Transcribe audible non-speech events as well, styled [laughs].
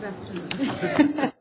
Good afternoon. [laughs]